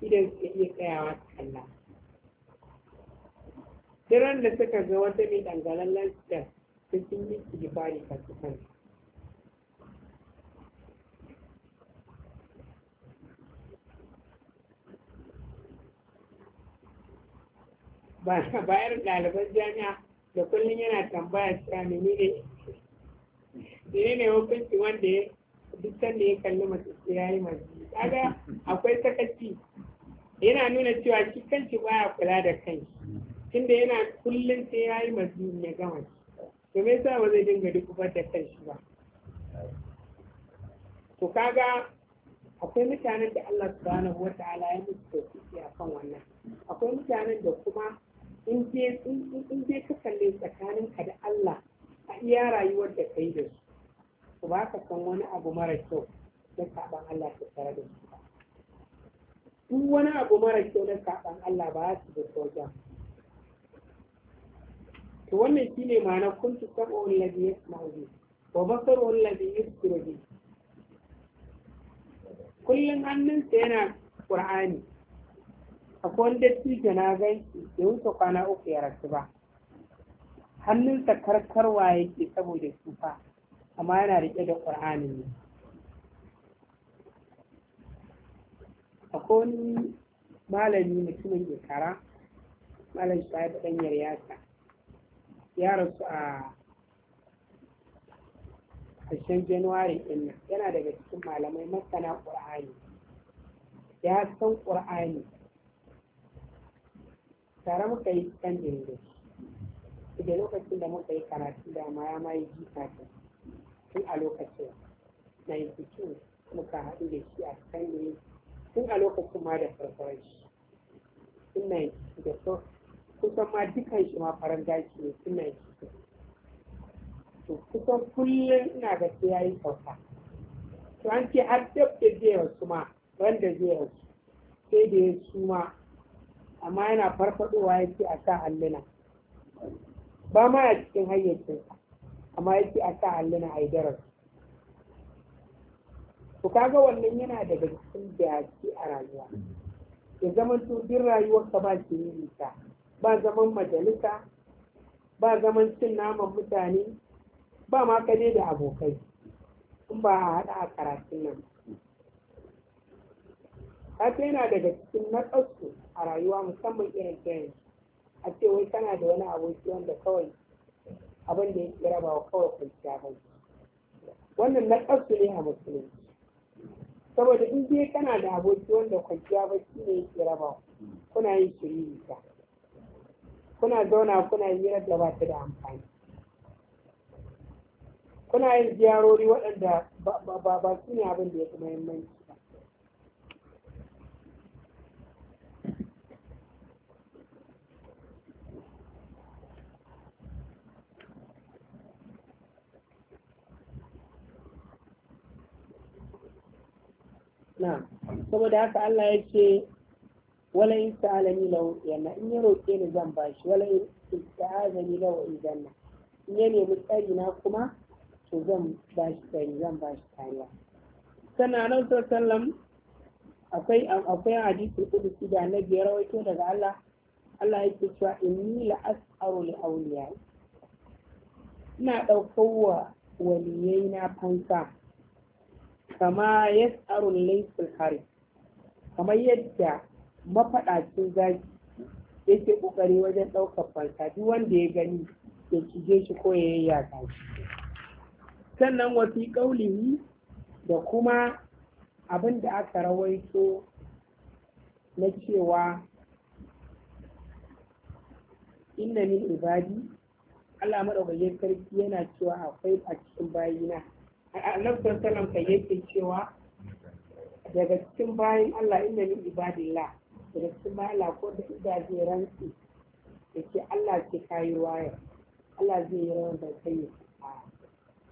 idan suka iya tsayawa su kalla tiran da suka ga wata mai dangalan stem sun sun yi istighfari ka su kan bayar ɗaliban jami'a da kullum yana tambaya cewa menene ne hukunci wanda ya duk sanda ya kalli mace sai masu yi mace kaga akwai sakaci yana nuna cewa shi kanshi baya kula da kanshi tunda yana kullum sai ya yi mazini ya gama to me yasa ba zai dinga dukubar da shi ba to kaga akwai mutanen da Allah subhanahu wata'ala ya musu tauki a kan wannan akwai mutanen da kuma in dai ka kalle tsakanin ka da Allah a iya rayuwar da kai da su ba ka san wani abu mara kyau na sabon Allah ta tare da su duk wani abu mara kyau na sabon Allah ba su da sojan to wannan shine ma'ana kuntu sab'u alladhi yasma'u bi wa basaru alladhi yusiru bi kullum hannunsa yana qur'ani akwai wani dattijo na gan shi ya wuce kwana uku ya rasu ba hannunsa karkarwa yake saboda tsufa amma yana riƙe da ƙur'anin ne akwai wani malami mutumin kara malam shi ya ɗan yaryasa ya rasu a ƙarshen januwari ɗin nan yana daga cikin malamai masana ƙur'ani ya san ƙur'ani tare muka yi kan dinga da lokacin da muka yi karatu da ma ya ma yi jika ta tun a lokacin na yi cikin muka haɗu da shi a kan tun a lokacin ma da farfaranci tun na yi da so kusan ma dukan shi ma faran gashi ne suna yi shi to kusan kullum ina da ya yayi sauka to an ce har duk da zai rasu ma ran da zai rasu sai da ya suma amma yana farfadowa ya ce a sa alluna ba ma a cikin hayyacinsa amma ya ce a sa alluna a yi darasi to kaga wannan yana daga cikin da a rayuwa ya zama to din rayuwar ka ba ke yi ta ba zaman majalisa ba zaman cin naman mutane ba ma kade da abokai in ba a haɗa a karatun nan ta yana daga cikin natsatsu a rayuwa musamman irin ta a ce wai kana da wani aboki wanda kawai abin da yake rabawa kawai kwanciya bai wannan natsatsu ne a musulunci saboda in dai kana da aboki wanda kwanciya shi ne yake rabawa kuna yin shiri ta kuna zauna kuna hirar da ba ta da amfani kuna yin ziyarori waɗanda ba su ne abin da ya fi muhimmanci ba na saboda haka Allah ya ce wala in sa'alani lahu yana in ya roƙe ni zan bashi wala in ista'azani lahu idan na in ya nemi tsari na kuma to zan bashi tsari zan bashi kariya sannan nan to sallam akwai akwai hadisi kudusi da na biyar wato daga Allah Allah yake cewa inni la as'aru li awliya ina ɗaukowa waliyai na fanka kama yas'aru laysul harith kamar yadda mafaɗacin zaki yake ƙoƙari wajen ɗaukar farka duk wanda ya gani ya cije shi ko ya yayyaka shi sannan wasu ƙaulihi da kuma abin da aka rawaito na cewa inna min ibadi Allah madaukakin sarki yana cewa akwai a cikin bayina annabi sallallahu alaihi yake cewa daga cikin bayin Allah inna min ibadillah da su mala ko da ida zai rantsi da ke Allah ke kayi waya Allah zai yi rawar da kai yi fita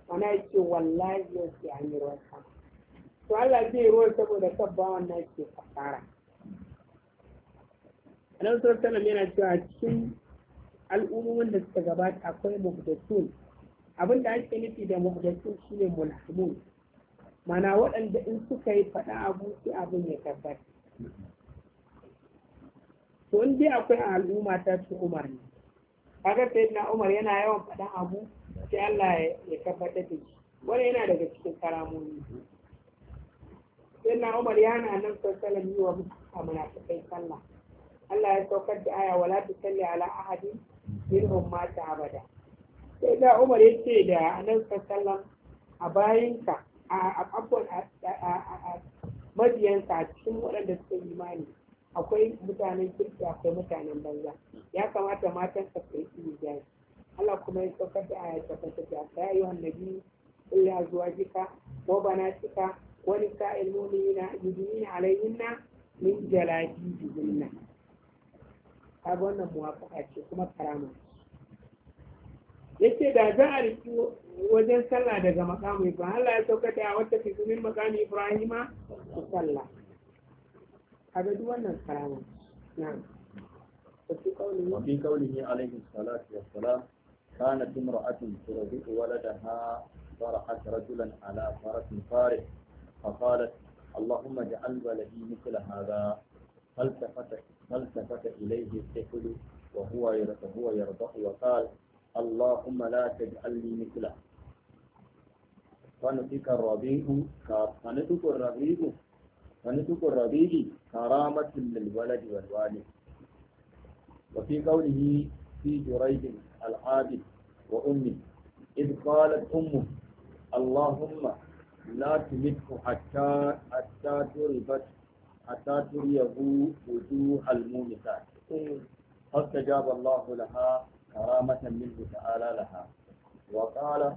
wani yake wallahi yau ke an yi ruwan sama to Allah zai yi ruwan saboda kan bawan na ke A Annabi sallallahu alaihi yana cewa cikin al'ummomin da suka gabata akwai muhdathun abin da ake nufi da muhdathun shine mulhamun mana waɗanda in suka yi faɗa abu sai abin ya tabbata to dai akwai a al'umma ta ce umar ne kaga sai na umar yana yawan faɗan abu sai Allah ya tabbatar da shi wani yana daga cikin karamomi sai na umar ya na nan sallallahu yi wa a munafikai sallah Allah ya saukar da aya wala salli ala ahadin minhum mata abada sai da umar ya ce da anan sallallahu a bayinka a abubuwan mabiyansa a cikin waɗanda suka imani akwai mutanen kirki akwai mutanen banza ya kamata matan ka kai hijabi Allah kuma ya saukar da aya ta kanta ta ya yi annabi illa zuwa jika ko banatika ko nisa'il mu'minina yudinina alayhinna min ta ga wannan muwafaka ce kuma karama yace da za a riki wajen sallah daga makamu ibrahim Allah ya saukata a wata fi zumin makamu ibrahima ku sallah هذا دو الكلام نعم وفي قوله عليه الصلاة والسلام كانت امرأة ترضع ولدها فرحت رجلا على فرس فارس فقالت اللهم اجعل ولدي مثل هذا فالتفت فالتفت اليه الطفل وهو وهو يرضع وقال اللهم لا تجعلني مثله فنطق الربيع فنطق الربيع فنطق الربيع كرامة للولد والوالد وفي قوله في جريج العابد وأمه إذ قالت أمه اللهم لا تمته حتى حتى تربت حتى تريه وجوه المومسات فاستجاب الله لها كرامة منه تعالى لها وقال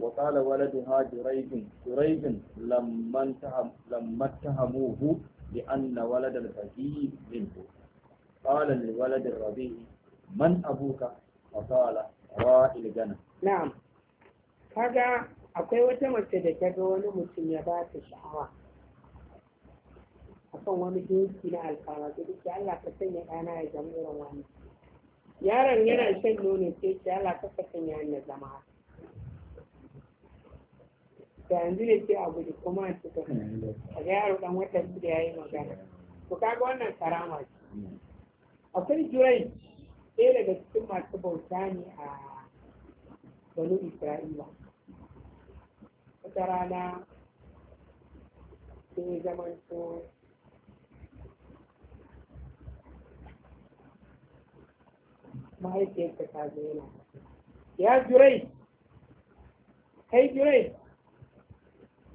وقال ولدها جريج جريج لما اتهموه لأن ولد الفقيه منه قال لولد الربيع من أبوك فقال رائي الجنة نعم كذا أكوي وتم السيدك وانو مسميبات الشعار أكوي ومجيب كنا الفارج بك الله فسيني أنا يجمع رواني يارا يرى الشيء نوني تيجي الله فسيني أنا زمان da yanzu ne ce a gudu kuma a cika a ga yaro dan wata da ya yi magana to kaga wannan karama ce akwai jurai ɗaya daga cikin masu bauta ne a banu isra'ila wata rana sai zaman so mahaifiyarta ta zo yana ya jurai kai jurai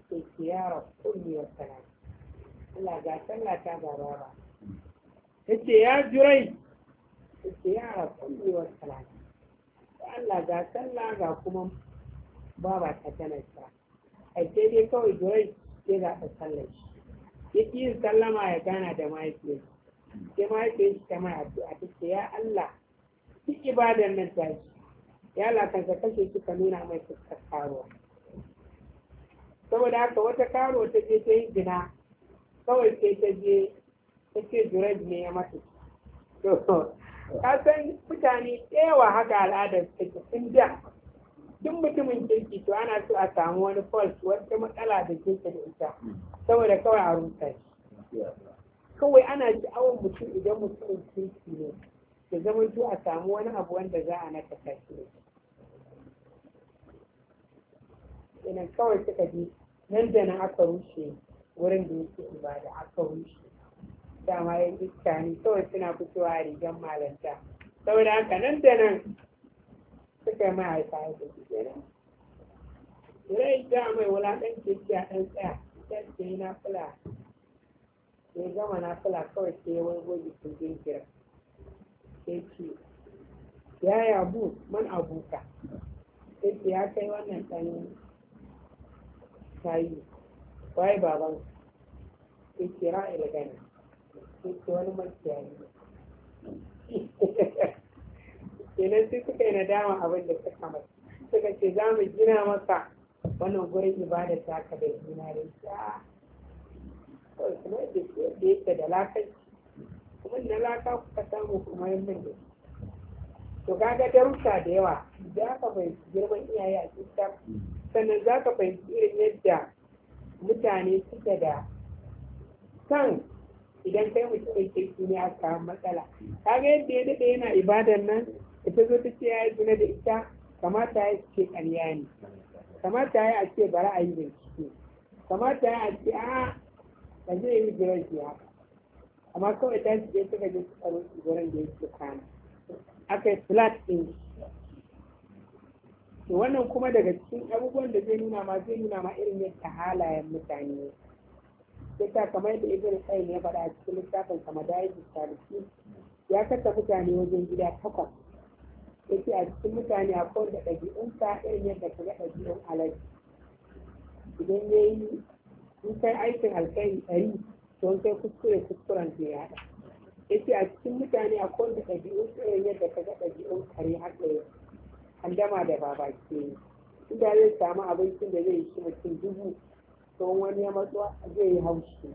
ke kiyara kulliyar salati Allah ga sallah ta gaba ta ce ya jurai ta ce yara kulliyar salati Allah ga sallah ga kuma baba ta tana ta a ce dai kawai jurai ya zaɓa sallar shi ya ƙi yin sallama ya gana da mahaifiyar sai mahaifiyar shi ta mai A ta ce ya Allah ki ibadan nan ta shi ya lakanta kashe kika nuna mai fuskar saboda haka wata karo ta je ta yi zina kawai sai ta je ta ce ne ya mata ka san mutane yawa haka al'adar take sun da duk mutumin kirki to ana so a samu wani fault wata matsala da ke da ita saboda kawai a rusa kawai ana ji awon mutum idan mutumin kirki ne da zamanto a samu wani abu wanda za a naka tashi ne kenan kawai suka je nan da nan aka rushe wurin da yake ibada aka rushe dama ya iska ne kawai suna fitowa a rigar malanta saboda haka nan da nan suka yi mahaifa ya tafi kenan rai da mai wulaƙanci ce a ɗan tsaya ta ce yi na fula ya gama na fula kawai sai ya waigo jikin girgira sai ce ya ya bu man abuka sai ce ya kai wannan ɗan kayi waye baban sai kira ilgana sai ce wani makiyayi kenan sai suka yi nadama abin da suka masa suka ce za mu gina masa wannan gurin ibada ta ka da gina da ya kawai kuma da da yake da lakai kuma na laka kuka samu kuma yin min da to kaga darussa da yawa da aka bai girman iyaye a cikin sannan za ka fahimci irin yadda mutane suke da kan idan kai mutum mai kirki ne a samun matsala ga yadda ya daɗe yana ibadan nan ita zo ta ce ya yi zina da ita kamata ya ce ƙarya ne kamata ya ce bara a yi ciki kamata ya ce a ba zai yi jiran shi haka amma kawai ta shige suka je su rufe gurin da yake kwana aka yi flat ɗin to wannan kuma daga cikin abubuwan da zai nuna ma zai nuna ma irin yadda halayen mutane yadda kamar yadda ibn qayyim ya faɗa a cikin littafin sa madaris saliki ya kasa mutane wajen gida takwas yake a cikin mutane akwai wanda ɗabi'unsa irin yadda kaga ɗabi'un alaji idan ya yi in kai aikin alkhairi ɗari to kai kuskure kuskuren zai yaɗa yake a cikin mutane akwai wanda ɗabi'unsa irin yadda kaga ɗabi'un kare har da yau handama da ba ke inda zai samu abincin da zai yi mutum dubu don wani ya matsuwa zai yi haushi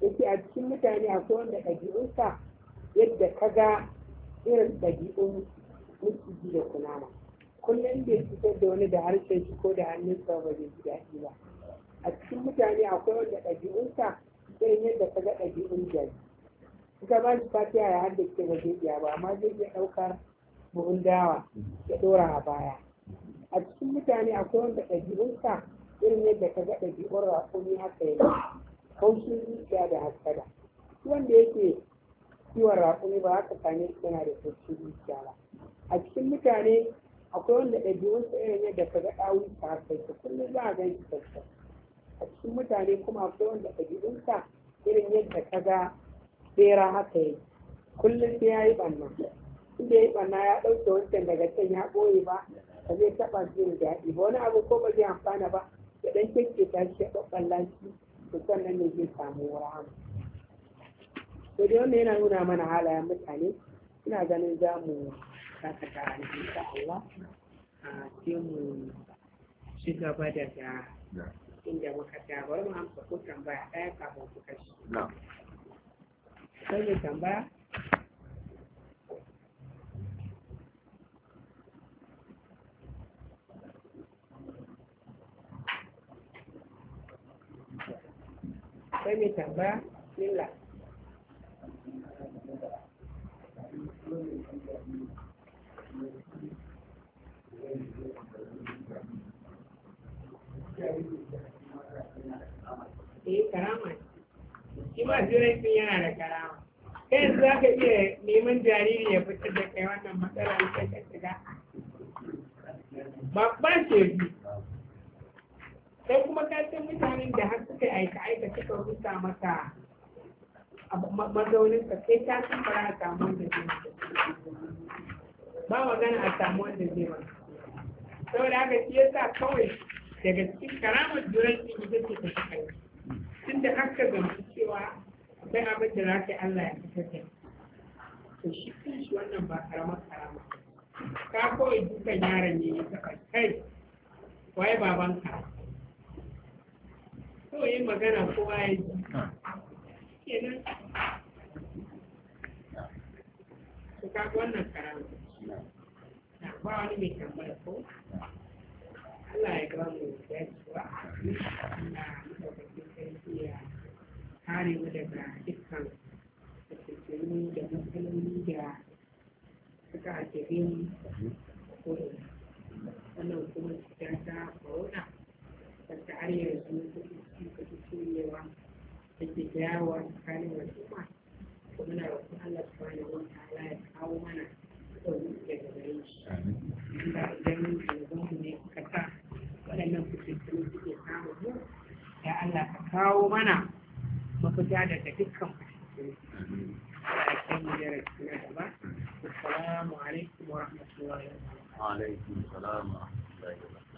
yake a cikin mutane akwai wanda ɗabi'unsa yadda ka ga irin ɗabi'un miciji da kunama kullum bai fitar da wani da harshen shi ko da hannun ba zai ji daɗi ba a cikin mutane akwai wanda ɗabi'unsa irin yadda ka ga ɗabi'un jari ka ba shi fatiya ya ke ba zai iya ba amma zai iya ɗaukar buhun dawa ya ɗora a baya a cikin mutane akwai wanda ɗabi'unsa irin yadda ka ga ɗabi'un raƙumi haka yana haushin zuciya da haskada wanda yake kiwon raƙumi ba haka same shi yana da kaushin zuciya ba a cikin mutane akwai wanda ɗabi'unsa irin yadda ka ga ɗawun a haka yake kullum za a gan shi kaushin a cikin mutane kuma akwai wanda ɗabi'unsa irin yadda ka ga bera haka yi kullum sai ya yi ɓanna inda ya ɓanna ya ɗauke wancan daga can ya ɓoye ba ba zai taɓa jin daɗi ba wani abu ko ba zai amfana ba ya ɗan kyakke ta shi ya ɓaɓɓalla shi to sannan ne zai samu rahama to dai wannan yana nuna mana halayen mutane ina ganin za mu dakata a insha Allah a sai mu shi gaba da inda muka ta bari mu amsa ko tambaya ɗaya kafin ku kashi. Sai tambaya? akwai mai tambaya lilla eh karama shi ma turanci yana da karama kai za ka iya neman jariri ya fitar da kai wannan matsalar ta shiga babban shegu sai kuma ka san mutanen da har suka aika aika suka rusa maka mazaunin ka sai ta san fara a samu wanda zai ba magana a samu wanda zai ba saboda haka shi yasa kawai daga cikin karamar duran cikin ita ce ta kai da haka gamsu cewa sai abin da za ka yi Allah ya fitar da to shi kun shi wannan ba karamar karama ka kawai dukan yaron ne ya taɓa kai waye babanka kawai yin magana kowa ya ji ah. kenan su kaga wannan karama ah. na ba wani mai tambaya ko Allah ya ba mu dacewa na madaukakin sarki ya kare mu daga dukkan fitattunu da matsaloli da suka addabe mu ko ina wannan kuma cuta ta corona wacce har yanzu kullewa da ke dawowa tsakanin al'umma to muna roƙon Allah subhanahu wani ta'ala ya kawo mana sauki daga gare shi inda idan shugabanmu ne kuka sa waɗannan fitattun suke samu mu ya Allah ka kawo mana mafita daga dukkan fitattun أكمل وعليكم السلام ورحمة الله وبركاته.